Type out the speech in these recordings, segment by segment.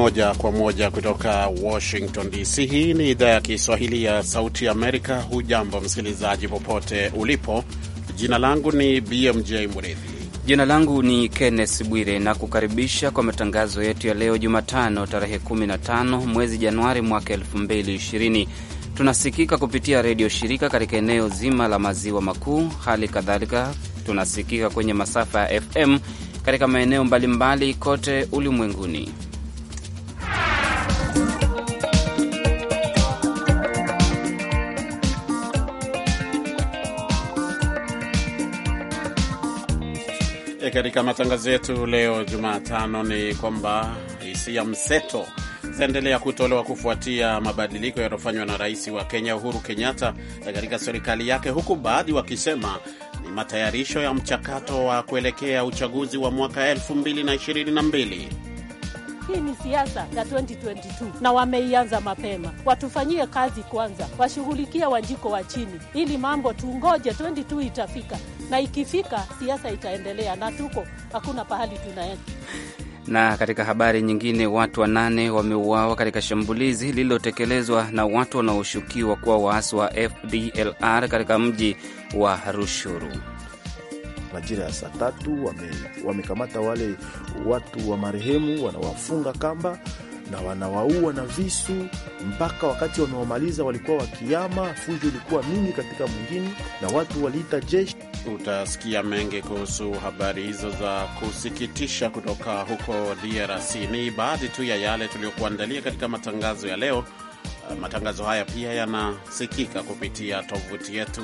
moja kwa moja kutoka Washington DC. Hii ni idhaa ya Kiswahili ya Sauti Amerika. Hujambo msikilizaji, popote ulipo. Jina langu ni BMJ Murithi. Jina langu ni Kenneth Bwire na kukaribisha kwa matangazo yetu ya leo Jumatano, tarehe 15 mwezi Januari mwaka 2020. Tunasikika kupitia redio shirika katika eneo zima la maziwa makuu. Hali kadhalika tunasikika kwenye masafa ya FM katika maeneo mbalimbali kote ulimwenguni. katika matangazo yetu leo Jumatano ni kwamba hisia mseto zaendelea kutolewa kufuatia mabadiliko yaliyofanywa na rais wa Kenya Uhuru Kenyatta katika serikali yake, huku baadhi wakisema ni matayarisho ya mchakato wa kuelekea uchaguzi wa mwaka 2022. Hii ni siasa ya 2022 na wameianza mapema. Watufanyie kazi kwanza, washughulikie Wanjiko wa chini ili mambo tungoje, 22 itafika na ikifika siasa itaendelea, na tuko hakuna pahali tunaenda. Na katika habari nyingine, watu wanane wameuawa katika shambulizi lililotekelezwa na watu wanaoshukiwa kuwa waasi wa FDLR katika mji wa Rushuru majira ya saa tatu wamekamata wame wale watu wa marehemu, wanawafunga kamba na wanawaua na visu mpaka wakati wamewamaliza walikuwa wakiama. Fujo ilikuwa mingi katika mwingine na watu waliita jeshi. Utasikia mengi kuhusu habari hizo za kusikitisha kutoka huko DRC. Ni baadhi tu ya yale tuliyokuandalia katika matangazo ya leo. Uh, matangazo haya pia yanasikika kupitia tovuti yetu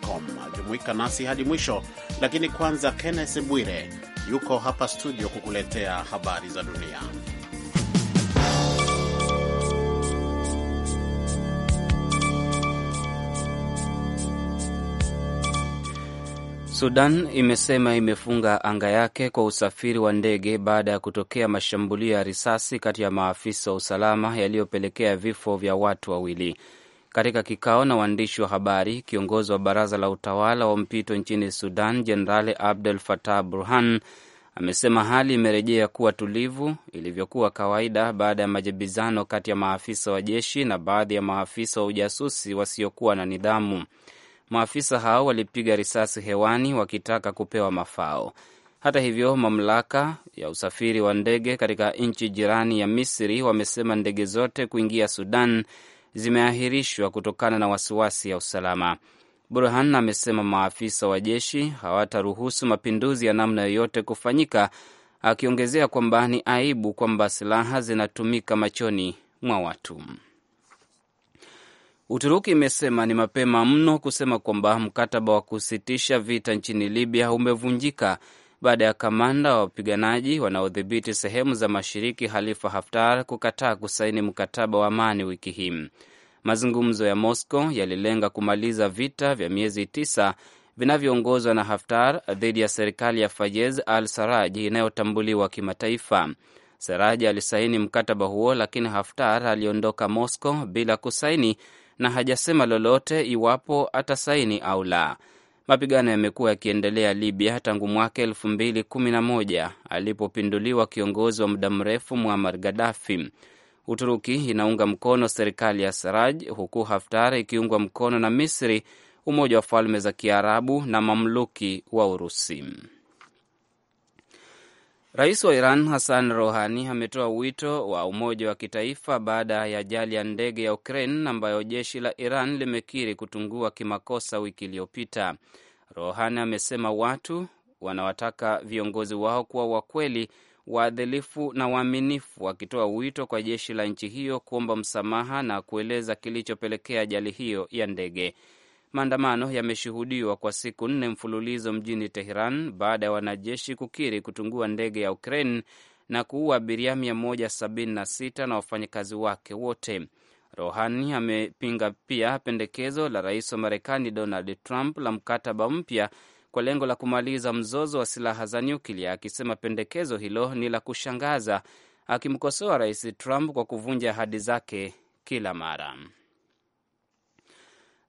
com. Jumuika nasi hadi mwisho, lakini kwanza, Kenneth Bwire yuko hapa studio kukuletea habari za dunia. Sudan imesema imefunga anga yake kwa usafiri wa ndege baada ya kutokea mashambulio ya risasi kati ya maafisa wa usalama yaliyopelekea vifo vya watu wawili. Katika kikao na waandishi wa habari, kiongozi wa baraza la utawala wa mpito nchini Sudan, Jenerali Abdel Fattah Burhan amesema hali imerejea kuwa tulivu ilivyokuwa kawaida baada ya majibizano kati ya maafisa wa jeshi na baadhi ya maafisa wa ujasusi wasiokuwa na nidhamu. Maafisa hao walipiga risasi hewani wakitaka kupewa mafao. Hata hivyo, mamlaka ya usafiri wa ndege katika nchi jirani ya Misri wamesema ndege zote kuingia Sudan zimeahirishwa kutokana na wasiwasi ya usalama. Burhan amesema maafisa wa jeshi hawataruhusu mapinduzi ya namna yoyote kufanyika, akiongezea kwamba ni aibu kwamba silaha zinatumika machoni mwa watu. Uturuki imesema ni mapema mno kusema kwamba mkataba wa kusitisha vita nchini Libya umevunjika baada ya kamanda wa wapiganaji wanaodhibiti sehemu za mashariki halifa Haftar kukataa kusaini mkataba wa amani wiki hii. Mazungumzo ya Moscow yalilenga kumaliza vita vya miezi tisa vinavyoongozwa na Haftar dhidi ya serikali ya Fayez al Saraj inayotambuliwa kimataifa. Saraj alisaini mkataba huo, lakini Haftar aliondoka Moscow bila kusaini na hajasema lolote iwapo atasaini au la. Mapigano yamekuwa yakiendelea Libya tangu mwaka elfu mbili kumi na moja alipopinduliwa kiongozi wa muda mrefu Muammar Gaddafi. Uturuki inaunga mkono serikali ya Saraj huku Haftar ikiungwa mkono na Misri, Umoja wa Falme za Kiarabu na mamluki wa Urusi. Rais wa Iran Hassan Rohani ametoa wito wa umoja wa kitaifa baada ya ajali ya ndege ya Ukraine ambayo jeshi la Iran limekiri kutungua kimakosa wiki iliyopita. Rohani amesema watu wanawataka viongozi wao kuwa wakweli, waadhilifu na waaminifu, wakitoa wito kwa jeshi la nchi hiyo kuomba msamaha na kueleza kilichopelekea ajali hiyo ya ndege. Maandamano yameshuhudiwa kwa siku nne mfululizo mjini Teheran baada ya wanajeshi kukiri kutungua ndege ya Ukraine na kuua abiria 176 na wafanyakazi wake wote. Rohani amepinga pia pendekezo la rais wa Marekani Donald Trump la mkataba mpya kwa lengo la kumaliza mzozo wa silaha za nyuklia, akisema pendekezo hilo ni la kushangaza, akimkosoa rais Trump kwa kuvunja ahadi zake kila mara.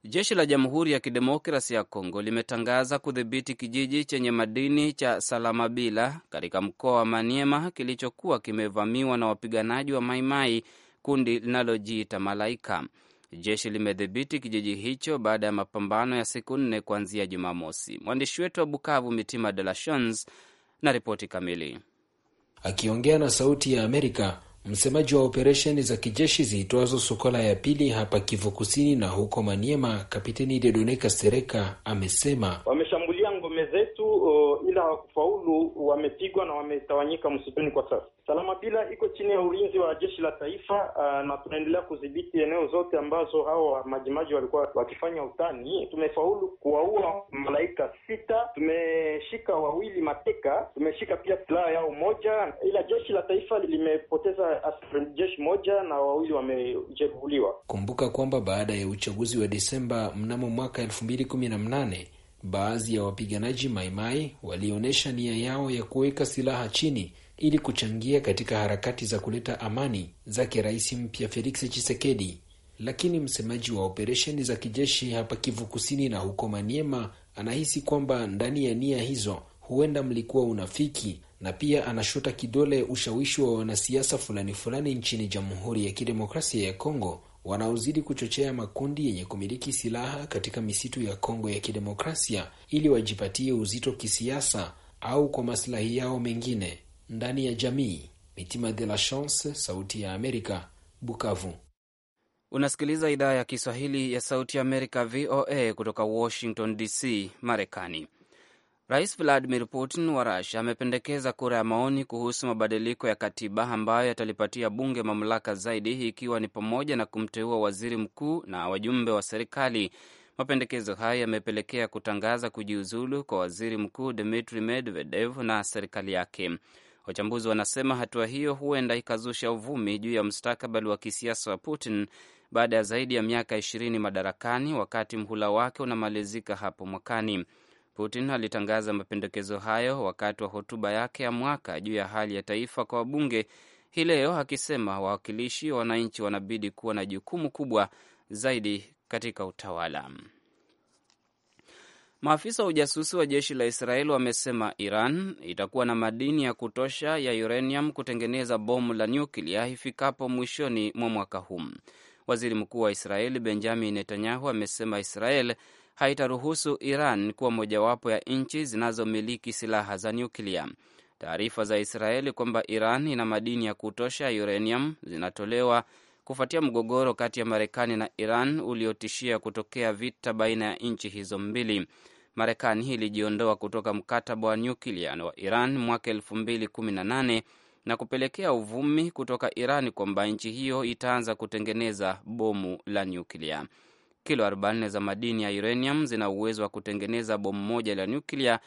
Jeshi la Jamhuri ya Kidemokrasi ya Kongo limetangaza kudhibiti kijiji chenye madini cha Salamabila katika mkoa wa Maniema kilichokuwa kimevamiwa na wapiganaji wa Maimai, kundi linalojiita Malaika. Jeshi limedhibiti kijiji hicho baada ya mapambano ya siku nne kuanzia Jumamosi. Mwandishi wetu wa Bukavu, Mitima De La Shans, na ripoti kamili. Akiongea na Sauti ya Amerika, Msemaji wa operesheni za kijeshi ziitwazo Sokola ya pili hapa Kivu Kusini na huko Maniema, Kapiteni Dedone Kastereka amesema wameshambulia ndume zetu uh, ila hawakufaulu, wamepigwa na wametawanyika msituni kwa sasa. Salama bila iko chini ya ulinzi wa jeshi la taifa uh, na tunaendelea kudhibiti eneo zote ambazo hawa majimaji walikuwa wakifanya utani. Tumefaulu kuwaua malaika sita, tumeshika wawili mateka, tumeshika pia silaha yao moja, ila jeshi la taifa limepoteza jeshi moja na wawili wamejeruhuliwa. Kumbuka kwamba baada ya uchaguzi wa Desemba mnamo mwaka elfu mbili kumi na mnane baadhi ya wapiganaji Maimai walionyesha nia yao ya kuweka silaha chini ili kuchangia katika harakati za kuleta amani zake rais mpya Felix Tshisekedi. Lakini msemaji wa operesheni za kijeshi hapa Kivu Kusini na huko Maniema anahisi kwamba ndani ya nia hizo huenda mlikuwa unafiki, na pia anashota kidole ushawishi wa wanasiasa fulani fulani nchini Jamhuri ya Kidemokrasia ya Kongo wanaozidi kuchochea makundi yenye kumiliki silaha katika misitu ya Kongo ya Kidemokrasia ili wajipatie uzito kisiasa au kwa masilahi yao mengine ndani ya jamii. Mitima de la Chance, Sauti ya Amerika, Bukavu. Unasikiliza idhaa ya Kiswahili ya Sauti ya Amerika, VOA, kutoka Washington DC, Marekani. Rais Vladimir Putin wa Russia amependekeza kura ya maoni kuhusu mabadiliko ya katiba ambayo yatalipatia bunge mamlaka zaidi, ikiwa ni pamoja na kumteua waziri mkuu na wajumbe wa serikali. Mapendekezo hayo yamepelekea kutangaza kujiuzulu kwa waziri mkuu Dmitri Medvedev na serikali yake. Wachambuzi wanasema hatua hiyo huenda ikazusha uvumi juu ya mustakabali wa kisiasa wa Putin baada ya zaidi ya miaka ishirini madarakani, wakati mhula wake unamalizika hapo mwakani. Putin alitangaza mapendekezo hayo wakati wa hotuba yake ya mwaka juu ya hali ya taifa kwa wabunge hii leo, akisema wawakilishi wa wananchi wanabidi kuwa na jukumu kubwa zaidi katika utawala. Maafisa wa ujasusi wa jeshi la Israeli wamesema Iran itakuwa na madini ya kutosha ya uranium kutengeneza bomu la nyuklia ifikapo mwishoni mwa mwaka huu. Waziri Mkuu wa Israeli Benjamin Netanyahu amesema Israel haitaruhusu Iran kuwa mojawapo ya nchi zinazomiliki silaha za nyuklia. Taarifa za Israeli kwamba Iran ina madini ya kutosha uranium zinatolewa kufuatia mgogoro kati ya Marekani na Iran uliotishia kutokea vita baina ya nchi hizo mbili. Marekani ilijiondoa kutoka mkataba wa nyuklia wa Iran mwaka elfu mbili kumi na nane na kupelekea uvumi kutoka Iran kwamba nchi hiyo itaanza kutengeneza bomu la nyuklia kilo 40 za madini ya uranium zina uwezo wa kutengeneza bomu moja la nyuklia,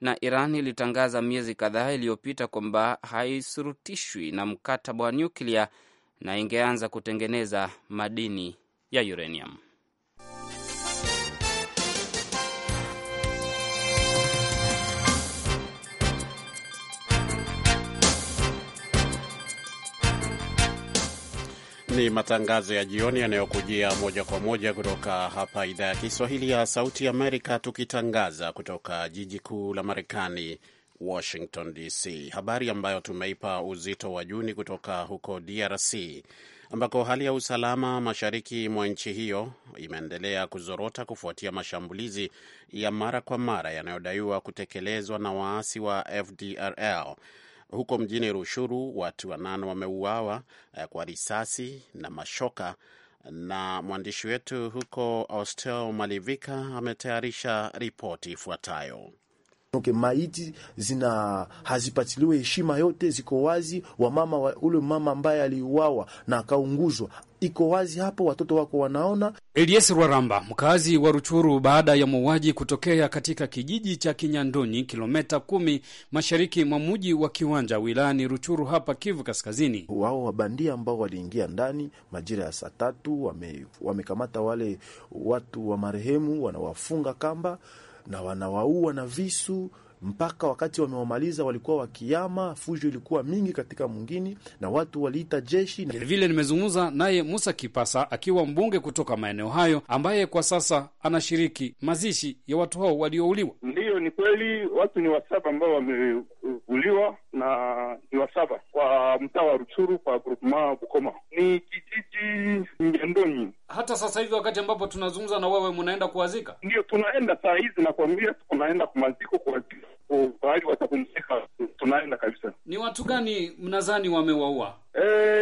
na Iran ilitangaza miezi kadhaa iliyopita kwamba haisurutishwi na mkataba wa nyuklia na ingeanza kutengeneza madini ya uranium. Ni matangazo ya jioni yanayokujia moja kwa moja kutoka hapa idhaa ya Kiswahili ya Sauti Amerika, tukitangaza kutoka jiji kuu la Marekani, Washington DC. Habari ambayo tumeipa uzito wa juu ni kutoka huko DRC ambako hali ya usalama mashariki mwa nchi hiyo imeendelea kuzorota kufuatia mashambulizi ya mara kwa mara yanayodaiwa kutekelezwa na waasi wa FDRL huko mjini Rushuru watu wanane wameuawa eh, kwa risasi na mashoka, na mwandishi wetu huko Austel Malivika ametayarisha ripoti ifuatayo. Okay, maiti zina hazipatiliwe heshima yote, ziko wazi. Wamama wa, ule mama ambaye aliuawa na akaunguzwa iko wazi hapo, watoto wako wanaona. Elias Rwaramba, mkazi wa Ruchuru, baada ya mauaji kutokea katika kijiji cha Kinyandoni, kilomita kumi mashariki mwa muji wa Kiwanja, wilayani Ruchuru, hapa Kivu Kaskazini. Wao wabandia ambao waliingia ndani majira ya saa tatu wamekamata wame wale watu wa marehemu, wanawafunga kamba na wanawaua na visu mpaka wakati wamewamaliza walikuwa wakiama. Fujo ilikuwa mingi katika mwingini na watu waliita jeshi. Vilevile nimezungumza naye Musa Kipasa akiwa mbunge kutoka maeneo hayo, ambaye kwa sasa anashiriki mazishi ya watu hao waliouliwa. Ndiyo, ni kweli watu ni wasaba ambao wameuliwa na Iwasava kwa mtaa wa Ruchuru kwa groupement Bukoma, ni kijiji Ngendonyi. Hata sasa hivi wakati ambapo tunazungumza na wewe, mnaenda kuwazika? ndio tunaenda saa hizi, kuambia tunaenda kumaziko kuwazika pahali watapumzika, tunaenda kabisa. Ni watu gani mnadhani wamewaua?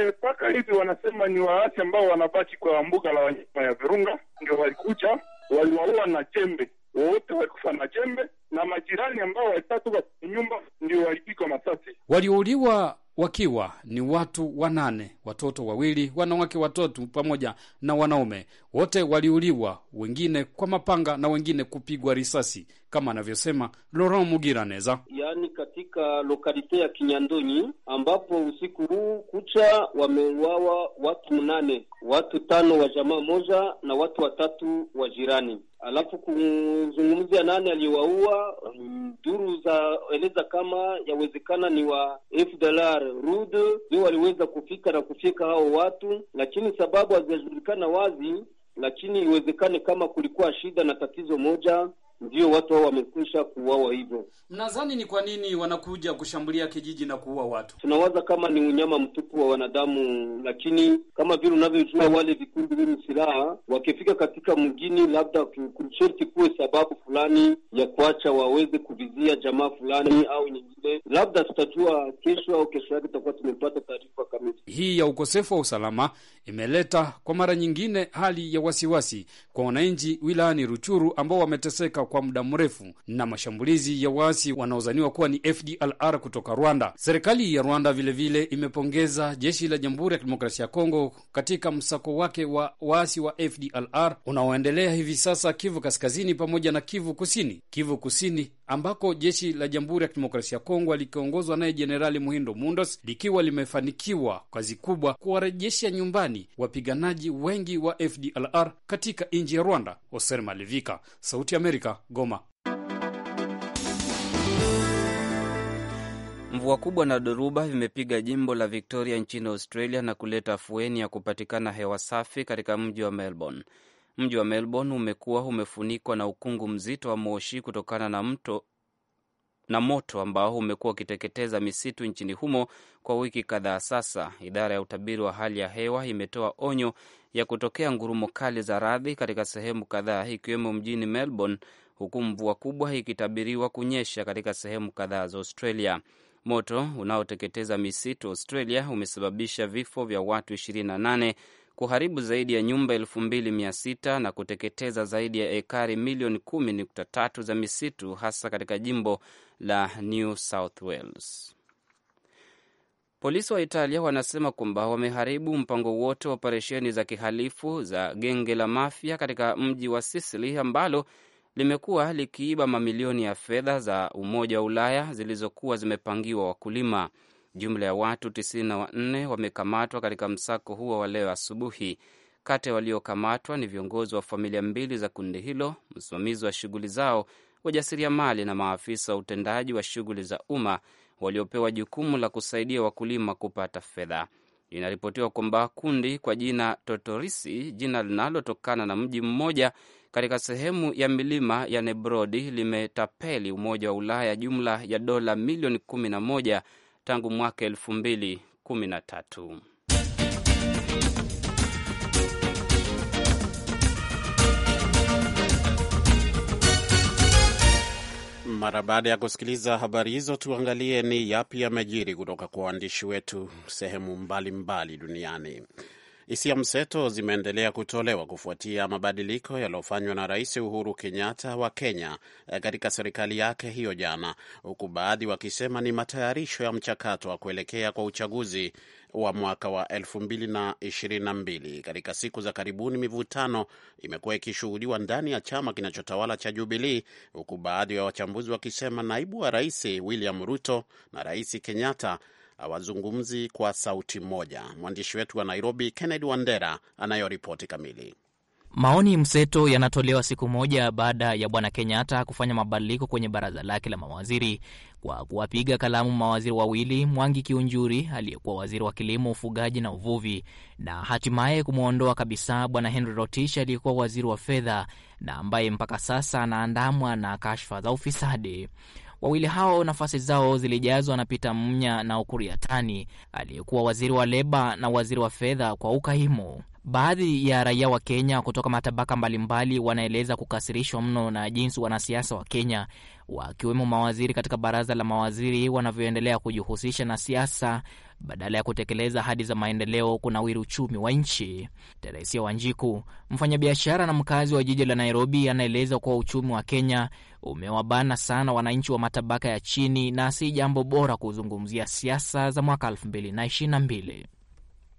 Mpaka eh, e, hivi wanasema ni waasi ambao wanabaki kwa mbuga la wanyama ya Virunga, ndio walikuja waliwaua na jembe wote walikufa na jembe, na majirani ambao watatu wa nyumba ndio walipigwa masasi. Waliouliwa wakiwa ni watu wanane, watoto wawili, wanawake watatu, pamoja na wanaume. Wote waliuliwa, wengine kwa mapanga na wengine kupigwa risasi kama anavyosema Laurent Mugiraneza. Yaani katika lokalite ya Kinyandonyi ambapo usiku huu kucha wameuawa watu mnane, watu tano wa jamaa moja na watu watatu wa jirani. Alafu kuzungumzia nani aliyowaua duru za eleza kama yawezekana ni wa FDLR RUD ndio waliweza kufika na kufika hao watu, lakini sababu hazijajulikana wazi, lakini iwezekane kama kulikuwa shida na tatizo moja ndio watu hao wamekwisha kuuawa hivyo. Mnadhani ni kwa nini wanakuja kushambulia kijiji na kuua watu? Tunawaza kama ni unyama mtupu wa wanadamu, lakini kama vile unavyojua wale vikundi vyenye silaha wakifika katika mgini, labda kusherti kuwe sababu fulani ya kuacha waweze kuvizia jamaa fulani au nyingine, labda tutajua kesho au kesho yake tutakuwa tumepata taarifa kamili. Hii ya ukosefu wa usalama imeleta kwa mara nyingine hali ya wasiwasi kwa wananchi wilayani Ruchuru ambao wameteseka kwa muda mrefu na mashambulizi ya waasi wanaozaniwa kuwa ni FDLR kutoka Rwanda. Serikali ya Rwanda vilevile vile imepongeza jeshi la Jamhuri ya Kidemokrasia ya Kongo katika msako wake wa waasi wa FDLR unaoendelea hivi sasa Kivu Kaskazini pamoja na Kivu Kusini. Kivu Kusini ambako jeshi la Jamhuri ya Kidemokrasia ya Kongo likiongozwa naye Jenerali Muhindo Mundos likiwa limefanikiwa kazi kubwa kuwarejesha nyumbani wapiganaji wengi wa FDLR katika nchi ya Rwanda. Oser Malivika, Sauti ya Amerika, Goma. Mvua kubwa na dhoruba vimepiga jimbo la Victoria nchini Australia na kuleta afueni ya kupatikana hewa safi katika mji wa Melbourne. Mji wa Melbourne umekuwa umefunikwa na ukungu mzito wa moshi kutokana na mto na moto ambao umekuwa ukiteketeza misitu nchini humo kwa wiki kadhaa sasa. Idara ya utabiri wa hali ya hewa imetoa onyo ya kutokea ngurumo kali za radhi katika sehemu kadhaa ikiwemo mjini Melbourne, huku mvua kubwa ikitabiriwa kunyesha katika sehemu kadhaa za Australia. Moto unaoteketeza misitu Australia umesababisha vifo vya watu 28 kuharibu zaidi ya nyumba 2600 na kuteketeza zaidi ya ekari milioni 10.3 za misitu hasa katika jimbo la New South Wales. Polisi wa Italia wanasema kwamba wameharibu mpango wote wa operesheni za kihalifu za genge la mafia katika mji wa Sisili ambalo limekuwa likiiba mamilioni ya fedha za Umoja wa Ulaya zilizokuwa zimepangiwa wakulima. Jumla ya watu 94 wamekamatwa katika msako huo wa leo asubuhi. Kati ya waliokamatwa ni viongozi wa familia mbili za kundi hilo, msimamizi wa shughuli zao, wajasiriamali na maafisa wa utendaji wa shughuli za umma waliopewa jukumu la kusaidia wakulima kupata fedha. Inaripotiwa kwamba kundi kwa jina Totorisi, jina linalotokana na mji mmoja katika sehemu ya milima ya Nebrodi, limetapeli Umoja wa Ulaya jumla ya dola milioni na moja tangu mwaka tatu. Mara baada ya kusikiliza habari hizo, tuangalie ni yapi yamejiri kutoka kwa waandishi wetu sehemu mbalimbali mbali duniani. Hisia mseto zimeendelea kutolewa kufuatia mabadiliko yaliyofanywa na Rais Uhuru Kenyatta wa Kenya eh, katika serikali yake hiyo jana, huku baadhi wakisema ni matayarisho ya mchakato wa kuelekea kwa uchaguzi wa mwaka wa 2022. Katika siku za karibuni, mivutano imekuwa ikishuhudiwa ndani ya chama kinachotawala cha jubilii huku baadhi ya wachambuzi wakisema naibu wa rais William Ruto na Rais Kenyatta hawazungumzi kwa sauti moja. Mwandishi wetu wa Nairobi, Kennedy Wandera, anayoripoti kamili. Maoni mseto yanatolewa siku moja baada ya bwana Kenyatta kufanya mabadiliko kwenye baraza lake la mawaziri kwa kuwapiga kalamu mawaziri wawili, Mwangi Kiunjuri aliyekuwa waziri wa kilimo, ufugaji na uvuvi, na hatimaye kumwondoa kabisa bwana Henry rotish aliyekuwa waziri wa fedha na ambaye mpaka sasa anaandamwa na kashfa za ufisadi. Wawili hao nafasi zao zilijazwa na Peter Munya na Ukur Yatani aliyekuwa waziri wa leba na waziri wa fedha kwa ukaimu. Baadhi ya raia wa Kenya kutoka matabaka mbalimbali wanaeleza kukasirishwa mno na jinsi wanasiasa wa Kenya wakiwemo mawaziri katika baraza la mawaziri wanavyoendelea kujihusisha na siasa badala ya kutekeleza ahadi za maendeleo kunawiri uchumi wa nchi. Teresia Wanjiku, mfanyabiashara na mkazi wa jiji la Nairobi, anaeleza kuwa uchumi wa Kenya umewabana sana wananchi wa matabaka ya chini na si jambo bora kuzungumzia siasa za mwaka 222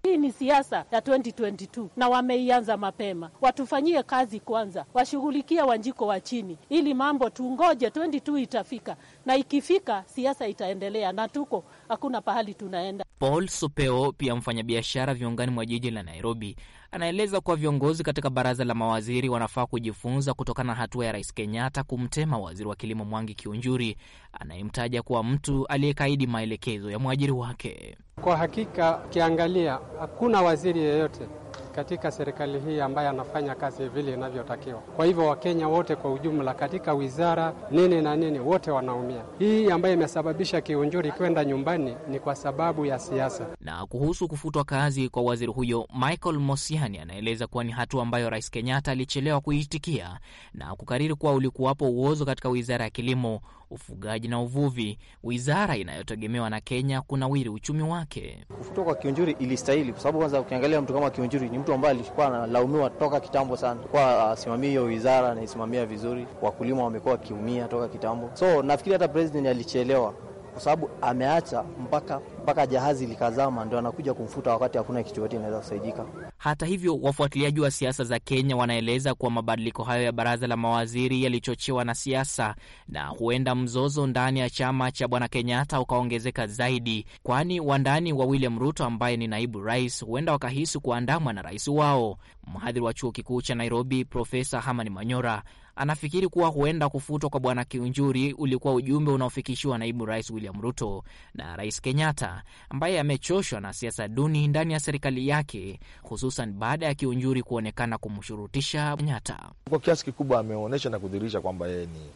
hii ni siasa ya 2022 na wameianza mapema. Watufanyie kazi kwanza, washughulikie wanjiko wa chini ili mambo tungoje 22 itafika, na ikifika siasa itaendelea na tuko hakuna pahali tunaenda. Paul Supeo pia mfanyabiashara viungani mwa jiji la Nairobi anaeleza kuwa viongozi katika baraza la mawaziri wanafaa kujifunza kutokana na hatua ya Rais Kenyatta kumtema waziri wa kilimo Mwangi Kiunjuri anayemtaja kuwa mtu aliyekaidi maelekezo ya mwajiri wake. Kwa hakika, ukiangalia hakuna waziri yeyote katika serikali hii ambaye anafanya kazi vile inavyotakiwa. Kwa hivyo Wakenya wote kwa ujumla katika wizara nini na nini, wote wanaumia. Hii ambayo imesababisha Kiunjuri kwenda nyumbani ni kwa sababu ya siasa. Na kuhusu kufutwa kazi kwa waziri huyo Michael Mosia Marekani anaeleza kuwa ni hatua ambayo Rais Kenyatta alichelewa kuitikia na kukariri kuwa ulikuwapo uozo katika wizara ya kilimo, ufugaji na uvuvi, wizara inayotegemewa na Kenya kunawiri uchumi wake. Kufutwa kwa Kiunjuri ilistahili kwa sababu kwanza, ukiangalia mtu kama Kiunjuri ni mtu ambaye alikuwa analaumiwa toka kitambo sana, kuwa asimamia hiyo wizara anaisimamia vizuri. Wakulima wamekuwa wakiumia toka kitambo, so nafikiri hata president alichelewa kwa sababu ameacha mpaka mpaka jahazi likazama, ndo anakuja kumfuta wakati hakuna kitu chochote inaweza kusaidika. Hata hivyo, wafuatiliaji wa siasa za Kenya wanaeleza kuwa mabadiliko hayo ya baraza la mawaziri yalichochewa na siasa na huenda mzozo ndani ya chama cha bwana Kenyatta ukaongezeka zaidi, kwani wandani wa William Ruto ambaye ni naibu rais huenda wakahisi kuandamwa na rais wao. Mhadhiri wa chuo kikuu cha Nairobi Profesa Hamani Manyora anafikiri kuwa huenda kufutwa kwa bwana Kiunjuri ulikuwa ujumbe unaofikishiwa naibu rais William Ruto na rais Kenyatta, ambaye amechoshwa na siasa duni ndani ya serikali yake, hususan baada ya Kiunjuri kuonekana kumshurutisha Kenyatta. Kwa kiasi kikubwa ameonyesha na kudhihirisha kwamba yeye ni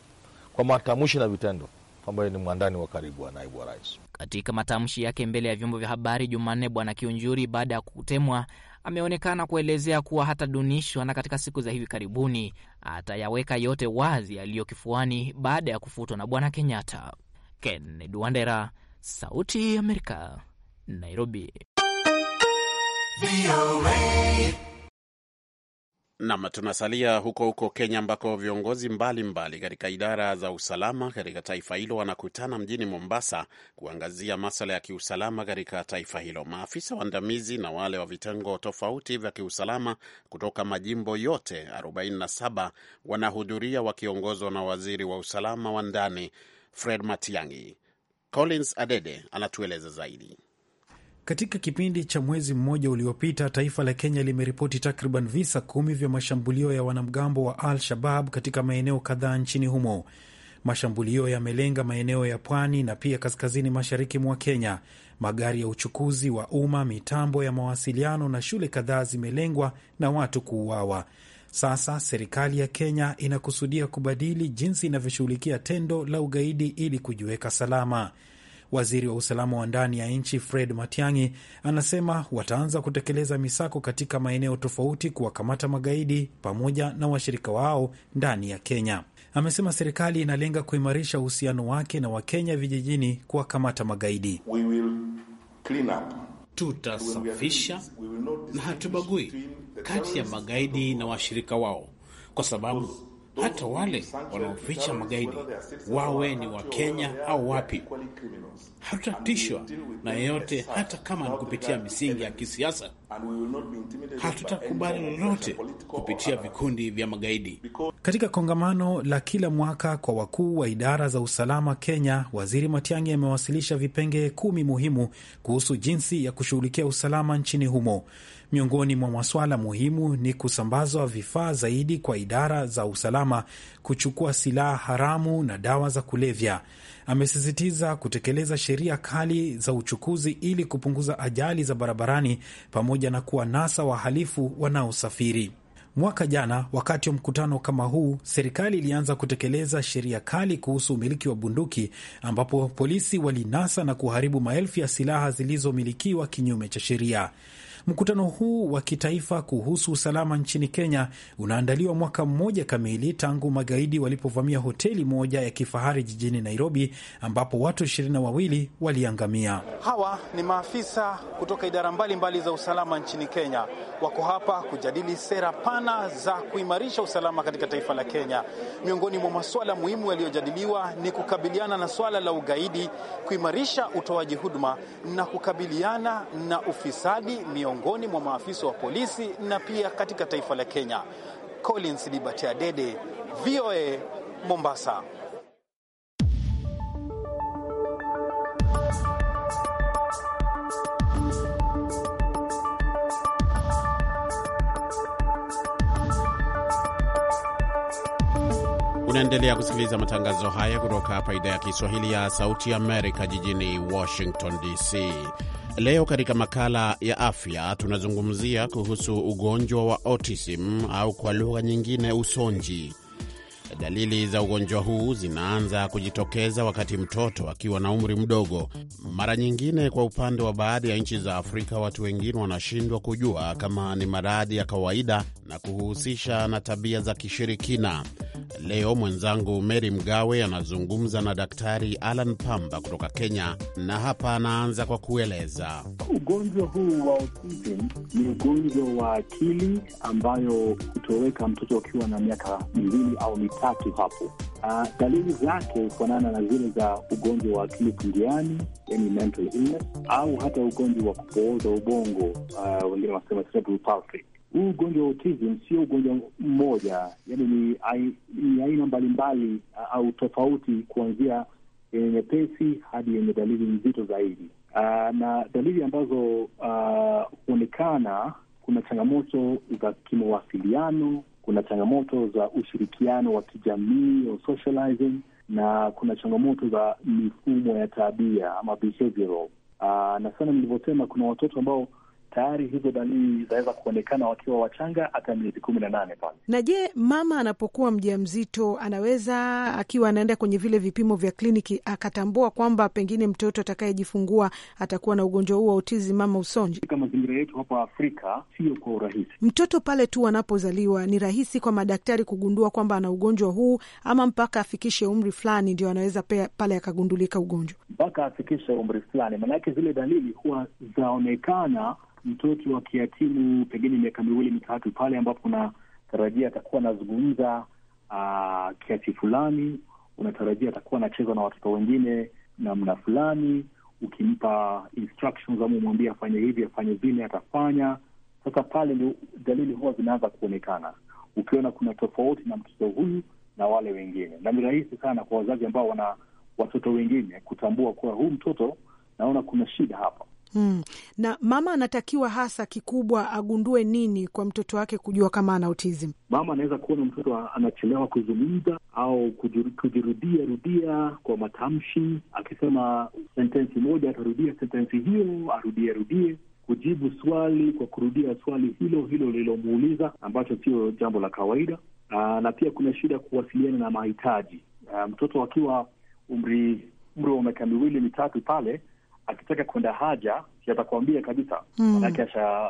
kwa matamshi na vitendo kwamba yeye ni mwandani wa karibu wa naibu wa rais. Katika matamshi yake mbele ya vyombo vya habari Jumanne, bwana Kiunjuri, baada ya kutemwa, ameonekana kuelezea kuwa hatadunishwa na katika siku za hivi karibuni atayaweka yote wazi yaliyo kifuani baada ya kufutwa na Bwana Kenyatta. Kennedy Wandera, Sauti ya Amerika, Nairobi. Nam, tunasalia huko huko Kenya ambako viongozi mbalimbali katika idara za usalama katika taifa hilo wanakutana mjini Mombasa kuangazia maswala ya kiusalama katika taifa hilo. Maafisa waandamizi na wale wa vitengo tofauti vya kiusalama kutoka majimbo yote 47 wanahudhuria wakiongozwa na waziri wa usalama wa ndani Fred Matiang'i. Collins Adede anatueleza zaidi. Katika kipindi cha mwezi mmoja uliopita, taifa la Kenya limeripoti takriban visa kumi vya mashambulio ya wanamgambo wa Al-Shabab katika maeneo kadhaa nchini humo. Mashambulio yamelenga maeneo ya pwani na pia kaskazini mashariki mwa Kenya. Magari ya uchukuzi wa umma, mitambo ya mawasiliano na shule kadhaa zimelengwa na watu kuuawa. Sasa serikali ya Kenya inakusudia kubadili jinsi inavyoshughulikia tendo la ugaidi ili kujiweka salama. Waziri wa usalama wa ndani ya nchi Fred Matiang'i anasema wataanza kutekeleza misako katika maeneo tofauti kuwakamata magaidi pamoja na washirika wao ndani ya Kenya. Amesema serikali inalenga kuimarisha uhusiano wake na Wakenya vijijini kuwakamata magaidi. We will clean up. Tutasafisha na hatubagui kati ya magaidi na washirika wao, kwa sababu hata wale wanaoficha magaidi wawe ni wa Kenya au wapi, hatutatishwa na yeyote, hata kama ni kupitia misingi ya kisiasa hatutakubali lolote kupitia vikundi vya magaidi. Katika kongamano la kila mwaka kwa wakuu wa idara za usalama Kenya, Waziri Matiang'i amewasilisha vipengee kumi muhimu kuhusu jinsi ya kushughulikia usalama nchini humo. Miongoni mwa masuala muhimu ni kusambazwa vifaa zaidi kwa idara za usalama kuchukua silaha haramu na dawa za kulevya amesisitiza kutekeleza sheria kali za uchukuzi ili kupunguza ajali za barabarani pamoja na kuwa nasa wahalifu wanaosafiri. Mwaka jana wakati wa mkutano kama huu, serikali ilianza kutekeleza sheria kali kuhusu umiliki wa bunduki, ambapo polisi walinasa na kuharibu maelfu ya silaha zilizomilikiwa kinyume cha sheria. Mkutano huu wa kitaifa kuhusu usalama nchini Kenya unaandaliwa mwaka mmoja kamili tangu magaidi walipovamia hoteli moja ya kifahari jijini Nairobi, ambapo watu ishirini na wawili waliangamia. Hawa ni maafisa kutoka idara mbalimbali mbali za usalama nchini Kenya, wako hapa kujadili sera pana za kuimarisha usalama katika taifa la Kenya. Miongoni mwa masuala muhimu yaliyojadiliwa ni kukabiliana na swala la ugaidi, kuimarisha utoaji huduma na kukabiliana na ufisadi mio miongoni mwa maafisa wa polisi na pia katika taifa la Kenya. Collins Liberty Adede, VOA Mombasa. Unaendelea kusikiliza matangazo haya kutoka hapa idhaa ya Kiswahili ya Sauti Amerika jijini Washington DC. Leo katika makala ya afya tunazungumzia kuhusu ugonjwa wa autism au kwa lugha nyingine usonji. Dalili za ugonjwa huu zinaanza kujitokeza wakati mtoto akiwa na umri mdogo. Mara nyingine, kwa upande wa baadhi ya nchi za Afrika, watu wengine wanashindwa kujua kama ni maradhi ya kawaida na kuhusisha na tabia za kishirikina. Leo mwenzangu Mary Mgawe anazungumza na Daktari Alan Pamba kutoka Kenya, na hapa anaanza kwa kueleza ugonjwa huu wa autism ni ugonjwa wa akili ambayo hutoweka mtoto akiwa na miaka miwili au mitatu hapo. Uh, dalili zake hufanana na zile za ugonjwa wa akili kundiani, yani mental illness, au hata ugonjwa wa kupooza ubongo, ah, wengine wanasema cerebral palsy huu ugonjwa wa autism sio ugonjwa mmoja, yani ni, ni aina mbalimbali au tofauti, kuanzia yenye nyepesi hadi yenye dalili nzito zaidi. Uh, na dalili ambazo huonekana uh, kuna changamoto za kimawasiliano, kuna changamoto za ushirikiano wa kijamii au socializing, na kuna changamoto za mifumo ya tabia ama behavioral. Uh, na sana nilivyosema, kuna watoto ambao tayari hizo dalili zinaweza kuonekana wakiwa wachanga hata miezi kumi na nane pale. Na je, mama anapokuwa mja mzito anaweza akiwa anaenda kwenye vile vipimo vya kliniki akatambua kwamba pengine mtoto atakayejifungua atakuwa na ugonjwa huu wa utizi mama usonji? Katika mazingira yetu hapa Afrika sio kwa urahisi. Mtoto pale tu anapozaliwa ni rahisi kwa madaktari kugundua kwamba ana ugonjwa huu, ama mpaka afikishe umri fulani ndio anaweza pale akagundulika ugonjwa? Mpaka afikishe umri fulani, maanake zile dalili huwa zaonekana mtoto akiatimu pengine miaka miwili mitatu, pale ambapo unatarajia atakuwa anazungumza ah, kiasi fulani, unatarajia atakuwa anacheza na watoto wengine namna fulani, ukimpa instructions ama umwambie afanye hivi afanye vile, atafanya. Sasa pale ndio dalili huwa zinaanza kuonekana, ukiona kuna tofauti na mtoto huyu na wale wengine, na ni rahisi sana kwa wazazi ambao wana watoto wengine kutambua kuwa huu mtoto, naona kuna shida hapa. Hmm. Na mama anatakiwa hasa kikubwa agundue nini kwa mtoto wake kujua kama ana autism? Mama anaweza kuona mtoto anachelewa kuzungumza au kujirudia rudia kwa matamshi, akisema sentensi moja atarudia sentensi hiyo, arudie rudie kujibu swali kwa kurudia swali hilo hilo lililomuuliza, ambacho sio jambo la kawaida. Aa, na pia kuna shida kuwasiliana na mahitaji. Aa, uh, mtoto akiwa umri umri wa miaka miwili mitatu pale akitaka kwenda haja atakwambia kabisa, manake hmm.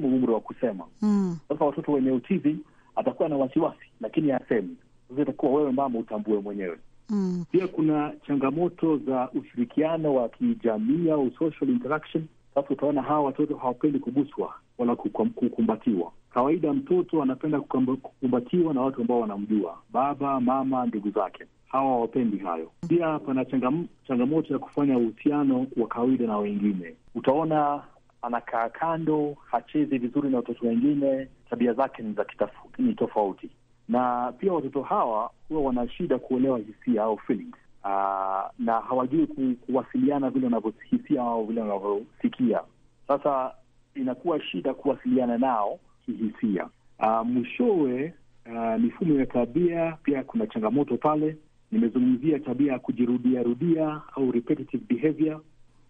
mm. umri wa kusema hmm. sasa. Mm. Watoto wenye utizi atakuwa na wasiwasi, lakini asemi Sasa itakuwa wewe mama utambue mwenyewe. Mm. Pia kuna changamoto za ushirikiano wa kijamii au social interaction. Sasa utaona hawa watoto hawapendi kuguswa wala kukumbatiwa. Kawaida mtoto anapenda kukumbatiwa na watu ambao wanamjua, baba, mama, ndugu zake hawa wapendi hayo. Pia pana changam, changamoto ya kufanya uhusiano wa kawaida na wengine. Utaona anakaa kando, hachezi vizuri na watoto wengine, tabia zake ni tofauti. Na pia watoto hawa huwa wana shida kuelewa hisia au feelings. Ah, na hawajui ku, kuwasiliana vile wanavyohisia au vile wanavyosikia. Sasa inakuwa shida kuwasiliana nao kihisia. Ah, mwishowe ah, mifumo ya tabia pia kuna changamoto pale, nimezungumzia tabia ya kujirudia rudia au repetitive behavior,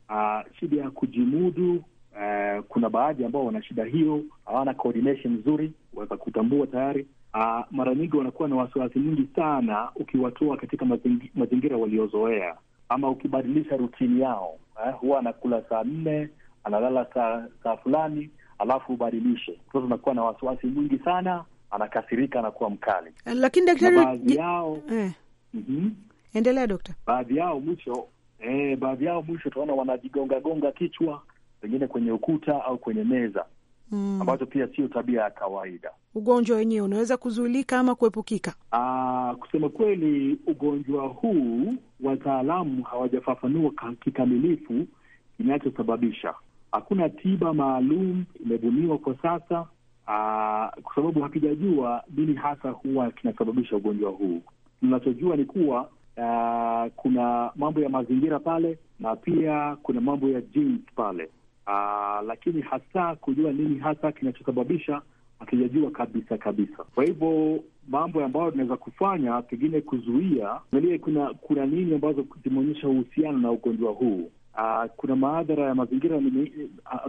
uh, shida ya kujimudu. Uh, kuna baadhi ambao wana shida hiyo, hawana coordination nzuri, waweza kutambua tayari. Uh, mara nyingi wanakuwa na wasiwasi mwingi sana ukiwatoa katika mazingi, mazingira waliozoea ama ukibadilisha rutini yao eh, huwa anakula saa nne analala saa, saa fulani alafu ubadilishe. Mtoto anakuwa na wasiwasi mwingi sana, anakasirika, anakuwa mkali. Lakini daktari, baadhi yao eh mm -hmm. Endelea dokta. Baadhi yao mwisho e, baadhi yao mwisho tunaona wanajigongagonga kichwa pengine kwenye ukuta au kwenye meza mm. ambazo pia sio tabia ya kawaida. Ugonjwa wenyewe unaweza kuzuilika ama kuepukika? Aa, ah, kusema kweli, ugonjwa huu wataalamu hawajafafanua kikamilifu kinachosababisha. Hakuna tiba maalum imebuniwa kwa sasa, ah, kwa sababu hakijajua nini hasa huwa kinasababisha ugonjwa huu tunachojua ni kuwa uh, kuna mambo ya mazingira pale na pia kuna mambo ya genes pale uh, lakini hasa kujua nini hasa kinachosababisha hatujajua kabisa kabisa. Kwa hivyo mambo ambayo tunaweza kufanya pengine kuzuia, angalie kuna kuna nini ambazo zimeonyesha uhusiano na ugonjwa huu. Uh, kuna maadhara ya mazingira uh,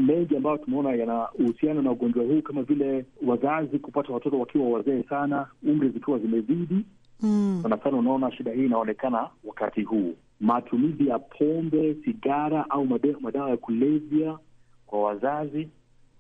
mengi ambayo tumeona yana uhusiano na ugonjwa huu, kama vile wazazi kupata watoto wakiwa wazee sana, umri zikiwa zimezidi, mm. Sana sana unaona shida hii inaonekana wakati huu, matumizi ya pombe, sigara au madawa ya kulevya kwa wazazi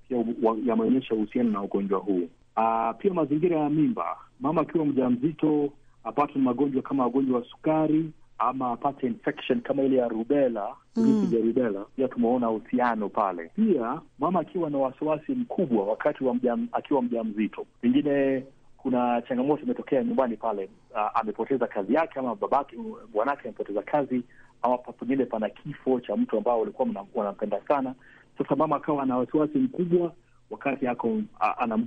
pia yameonyesha uhusiano na ugonjwa huu. Aa, ah, pia mazingira ya mimba, mama akiwa mja mzito apate magonjwa kama ugonjwa wa sukari ama apate infection kama ile ya rubela, mm. virusi vya mm. rubela, pia tumeona uhusiano pale. Pia mama akiwa na wasiwasi mkubwa wakati wa mjam, akiwa mzito pengine kuna changamoto imetokea nyumbani pale, uh, amepoteza kazi yake ama babake, bwanake amepoteza kazi, ama pengine pana kifo cha mtu ambao walikuwa wanampenda sana. Sasa mama akawa ana wasiwasi mkubwa wakati ako ana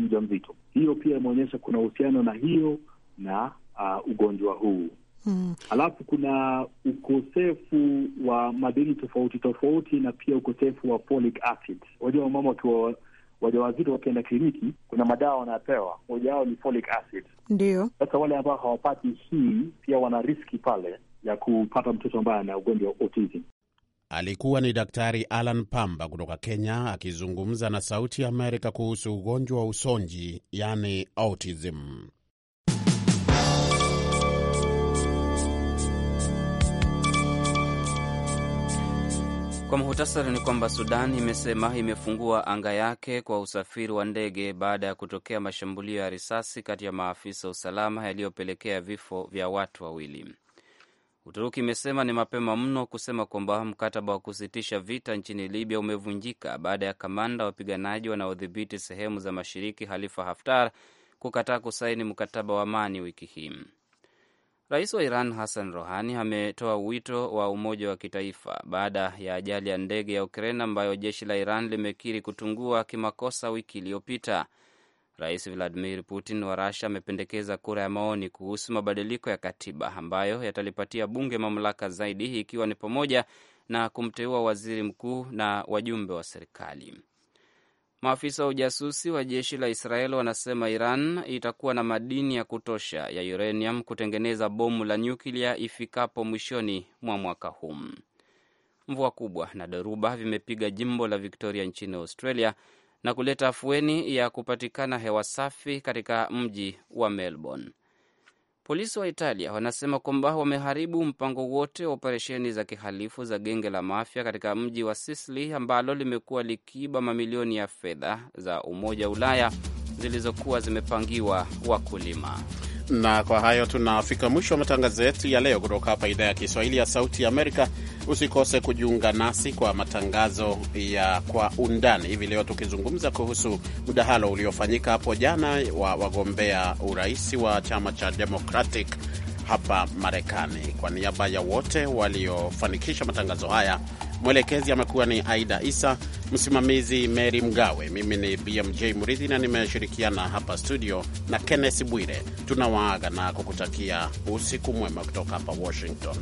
mja mzito. Hiyo pia imeonyesha kuna uhusiano na hiyo na uh, ugonjwa huu hmm. Alafu kuna ukosefu wa madini tofauti tofauti na pia ukosefu wa folic acid. Wajua mama wakiwa wajawazito wakienda kliniki, kuna madawa wanapewa, moja yao ni folic acid. Ndio sasa wale ambao hawapati hii pia wana riski pale ya kupata mtoto ambaye ana ugonjwa wa autism. Alikuwa ni Daktari Alan Pamba kutoka Kenya akizungumza na Sauti ya Amerika kuhusu ugonjwa wa usonji, yani autism. Kwa muhutasari ni kwamba Sudan imesema imefungua anga yake kwa usafiri wa ndege baada ya kutokea mashambulio ya risasi kati ya maafisa usalama yaliyopelekea vifo vya watu wawili. Uturuki imesema ni mapema mno kusema kwamba mkataba wa kusitisha vita nchini Libya umevunjika baada ya kamanda wapiganaji wanaodhibiti sehemu za mashiriki Halifa Haftar kukataa kusaini mkataba wa amani wiki hii. Rais wa Iran Hassan Rohani ametoa wito wa umoja wa kitaifa baada ya ajali ya ndege ya Ukraine ambayo jeshi la Iran limekiri kutungua kimakosa wiki iliyopita. Rais Vladimir Putin wa rasha amependekeza kura ya maoni kuhusu mabadiliko ya katiba ambayo yatalipatia bunge mamlaka zaidi, ikiwa ni pamoja na kumteua waziri mkuu na wajumbe wa serikali. Maafisa wa ujasusi wa jeshi la israel wanasema Iran itakuwa na madini ya kutosha ya uranium kutengeneza bomu la nyuklia ifikapo mwishoni mwa mwaka huu. Mvua kubwa na dhoruba vimepiga jimbo la Victoria nchini Australia na kuleta afueni ya kupatikana hewa safi katika mji wa Melbourne. Polisi wa Italia wanasema kwamba wameharibu mpango wote wa operesheni za kihalifu za genge la mafia katika mji wa Sisili ambalo limekuwa likiiba mamilioni ya fedha za Umoja wa Ulaya zilizokuwa zimepangiwa wakulima. Na kwa hayo tunafika mwisho wa matangazo yetu ya leo kutoka hapa idhaa ya Kiswahili ya Sauti Amerika. Usikose kujiunga nasi kwa matangazo ya Kwa Undani hivi leo, tukizungumza kuhusu mdahalo uliofanyika hapo jana wa wagombea urais wa chama cha Democratic hapa Marekani. Kwa niaba ya wote waliofanikisha matangazo haya Mwelekezi amekuwa ni Aida Isa, msimamizi Mary Mgawe. Mimi ni BMJ Murithi na nimeshirikiana hapa studio na Kenneth Bwire. Tunawaaga na kukutakia usiku mwema kutoka hapa Washington.